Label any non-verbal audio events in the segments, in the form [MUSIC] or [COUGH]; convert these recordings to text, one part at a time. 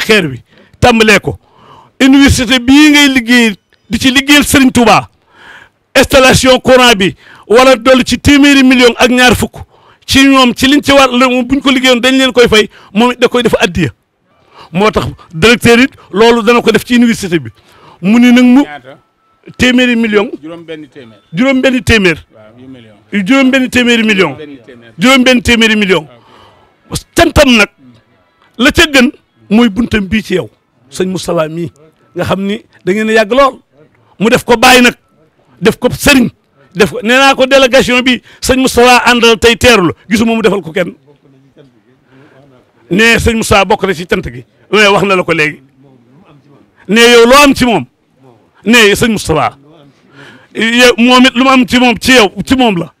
sotti xeer wi tàmbalee ko université bii ngay liggéey di ci liggéey Serigne Touba installation courant bi wala dolli ci téeméeri million ak ñaar fukk ci ñoom ci liñ ci war buñ ko liggéeyoon dañ leen koy fay moom it da koy def addiya moo tax directeur it loolu dana ko def ci université bi mu ni nag mu téeméeri million juróom-benn téeméer juróom-benn téeméer juróom-benn million juróom-benn téeméeri million tantam nag la ca gën muy buntam bii ci yow sëñ Moustapha mii nga xam ni da ngeen yàgg lool mu def ko bàyyi nag def ko sëriñ def ko nee naa ko délégation bi sëñ Moustapha àndal tey teerlu moo mu defal ko kenn nee sëñ Moustapha bokk na ci cant mais wax na la ko léegi loo am ci moom sëñ Moustapha moom lu ma am ci moom ci yow ci moom la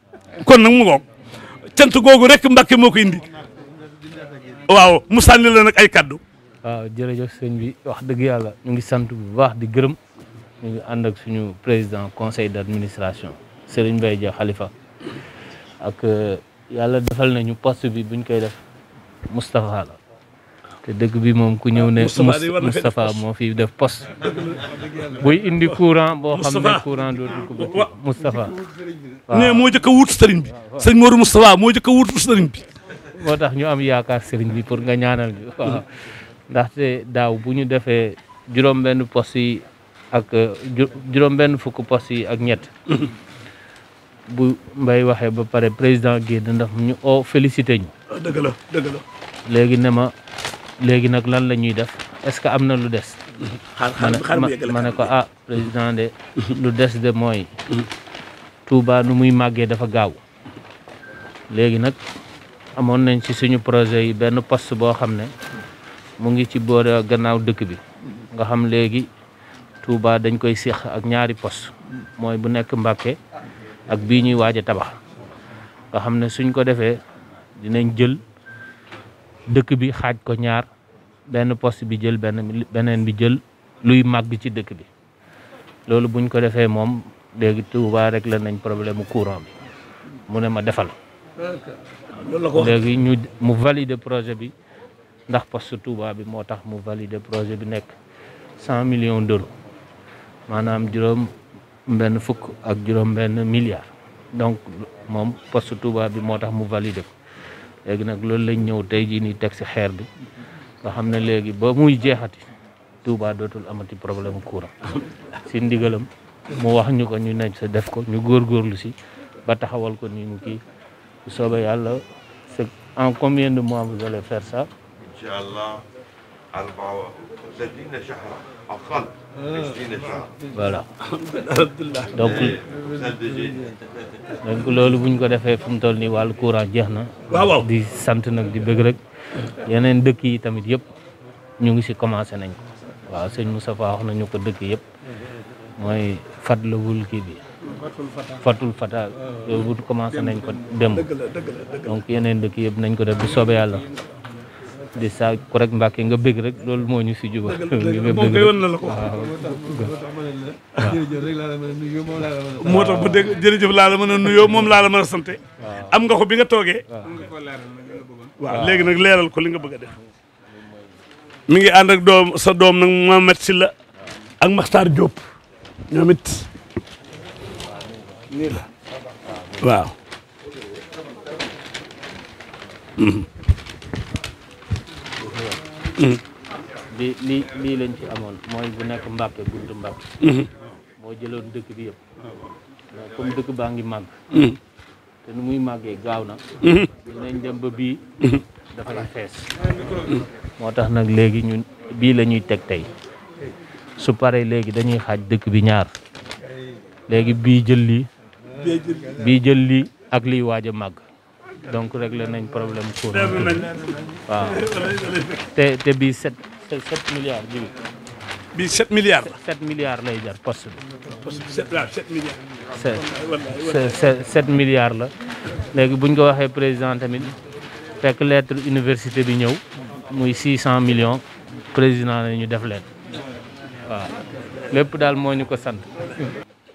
kon nag mu ngoog cant googu rek Mbàkke moo ko indi waaw mu la nag ay kaddu. waaw jërëjëf sëñ bi wax dëgg yàlla ñu ngi sant bu baax di gërëm ñu ngi ànd ak suñu président conseil d'administration sëriñ bay Dia Khalifa ak euh, yàlla defal nañu post bi buñ koy def Moustapha la te dëkk bi moom ku ñëw ne Moustapha moo fi def post buy indi courant boo xam ne courant dootu ko bëgg Moustapha ne moo jëkk a sëriñ bi sëñ Modou Moustapha moo jëkk a sëriñ bi moo tax ñu am yaakaar sëriñ bi pour nga ñaanal ñu ndaxte daaw bu ñu defee juróom-benn post ak euh, juróom fukk post yi ak ñett [COUGHS] bu mbay waxee ba pare président génn ndax ñu oo oh, félicité ñu. Ah, dëgg la dëgg léegi ne ma léegi nag lan la ñuy def est-ce que am na lu des. ma ne ko ah président de [COUGHS] lu des de mooy. [COUGHS] Touba nu muy màggee dafa gaaw léegi nag amoon nañ ci suñu projet yi benn poste boo xam ne. mu ngi ci boor gannaaw dëkk bi nga xam léegi Touba dañ koy séq ak ñaari poste mooy bu nekk Mbàkke ak bii ñuy waaj tabax nga xam ne suñ ko defee dinañ jël dëkk bi xaaj ko ñaar benn poste bi jël benn beneen bi jël luy màgg ci dëkk bi loolu buñ ko defee moom léegi Touba rek la nañ problème courant bi mu ne ma defal léegi mu valider projet bi ndax poste Touba bi moo tax mu valider projet bi nekk cent millions d'euros maanaam juróom benn fukk ak juróom benn milliard donc moom poste Touba bi moo tax mu valider ko léegi nag loolu lañ ñëw tey jii nii teg si xeer bi nga xam ne léegi ba muy jeexati Touba dootul amati problème courant si ndigalam mu wax ñu ko ñu nekk sa def ko ñu góor góorlu si ba taxawal ko ni mu kii bu yàlla c'est en combien de mois vous allez faire ça شاء الله donc loolu buñ ko defee fu mu toll nii wàllu courant jeex na di sant nag di bëgg rek yeneen dëkk yi tamit yëpp ñu ngi si commencé nañ ko waaw sëñ Moustapha wax nañu ko dëkk yëpp mooy fatlawul kii bi fatul fata yooyu ah, bu commencé nañ ko dem donc yeneen dëkk yëpp nañ ko def bu soobee yàlla di saa ko rek mbàkke nga bëgg rek loolu moo ñu fi juba [LAUGHS] moom na la ko moo tax ba dégg jërëjëf laa ma mën a nuyoo moom laa ma mën sante am nga ko bi nga toogee waaw léegi nag leeral ko li nga bëgg a def mi ngi ànd ak doom sa doom nag Mohamed Sylla ak Makhtar Diop ñoom waaw li lii lañ ci amoon mooy bu nekk Mbàkke buntu Mbàkke mhm. moo jëloon dëkk bi yëpp comme dëkk baa ngi màgg mhm. te nu muy màggee gaaw na mhm. dinañ dem ba bii dafay fees moo tax nag léegi ñun bii lañuy teg tey su paree léegi dañuy xaaj dëkk bi ñaar léegi bii jël lii bii jël li ak liy waaj a màgg donc réglé nañ problème courant waaw te te bii sept sept milliards ji bi sept milliards sept milliards lay jar poste bi sept la léegi buñ ko waxee président tamit fekk lettre université bi ñëw muy six cent million président la ñu def leen waaw lépp daal moo ñu ko sant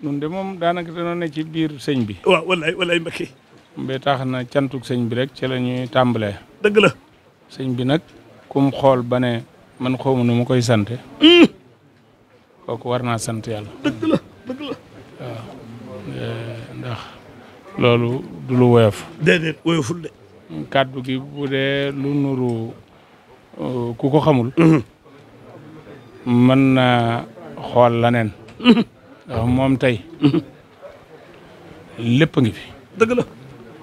nun de moom daanaka dañoo ne ci biir sëñ bi ba tax na cantuk sëñ bi rek ci la ñuy tàmbalee. dëgg la. bi nag kum xool bane ne man xaw ma nu ma koy sant. kooku war naa sant yàlla. dëgg ndax loolu du lu woyof. déedéet gi bu dee lu nuru euh, ku ko xamul. mën na xool leneen. ndax moom tey. lépp ngi fi.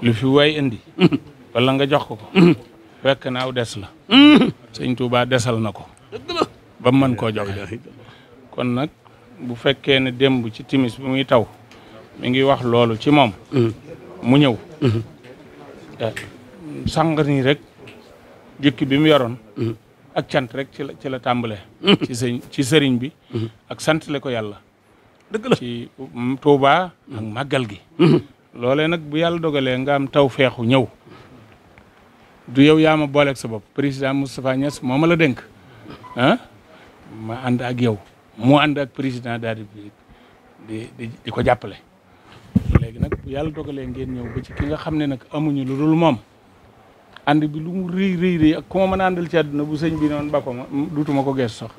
lu fi waay indi [LAUGHS] wala nga jox ko mm. fekk na aw des la mm. sëñ Tuubaa desal na ko ba mën koo joxe kon nag bu fekkee ne demb ci timis bi muy taw mu ngi wax loolu ci moom mm. mu ñëw mm-hmm. eh, sànq nii rek jukki bi mu yoroon ak cant rek ci la ci ci sëñ ci sëriñ bi mm-hmm. ak sant le ko yàlla dëgg ci Tuubaa ak màggal gi mm-hmm. loolee nag bu yàlla dogalee nga am taw feexu ñëw du yow yaa ma booleeg sa bopp président Moustapha Niass moo ma la dénk ah ma ànd ak yow mu ànd ak président daal di di di ko jàppale. léegi nag bu yàlla dogalee ngeen ñëw ba ci ki nga xam ne nag amuñu lu dul moom ànd bi lu mu rëy rëy rëy ak ku ma mën a àndal ci àdduna bu sëñ bi noonu ba ko ma duutuma ko gees sax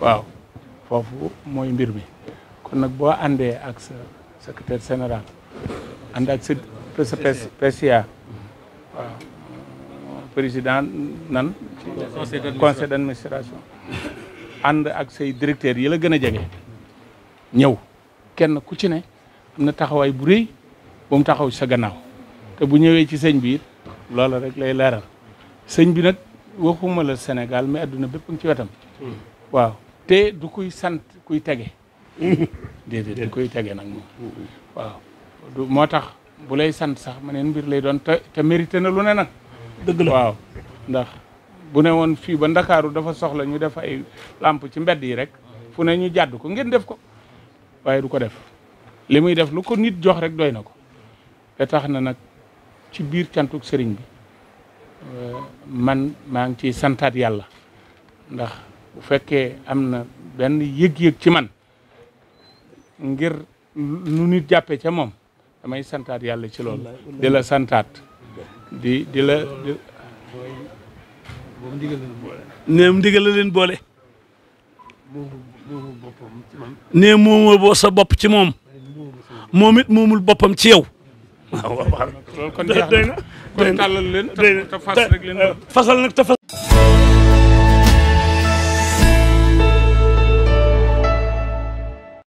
waaw foofu mooy mbir mi kon nag boo àndee ak secretaire sénéral ànd ak sa PCA waaw président nan conseil d'administration ànd ak say directeur yi la gën a jege ñëw kenn ku ci ne am na taxawaay bu rëy bu mu taxaw sa gannaaw te bu ñëwee ci sëñ bi it rek lay leeral sëñ bi nag waxuma la Sénégal mais adduna bépp ngi ci wetam hmm. waaw te du kuy sant kuy tege hmm. déedéet du kuy tege nag moom hmm. moo tax bu lay sant sax ma neen mbir lay doon te te na lu ne nag. dëgg la ndax bu ne woon fii ba ndakaaru dafa soxla ñu def ay làmp ci mbedd yi rek fu ne ñu jàdd ko ngeen def ko waaye du ko def li muy def lu ko nit jox rek doy na ko te tax na nag ci biir cantuk sëriñ bi euh, man maa ngi ciy santaat yàlla ndax bu fekkee am na benn yëg-yëg ci man ngir nu nit jàppee ca moom damay santaat yàlla ci loolu di la santaat di di la nee mu leen boole nee moomoo boo sa bopp ci moom moom moomul boppam ci yow waaw na kon tàllal fasal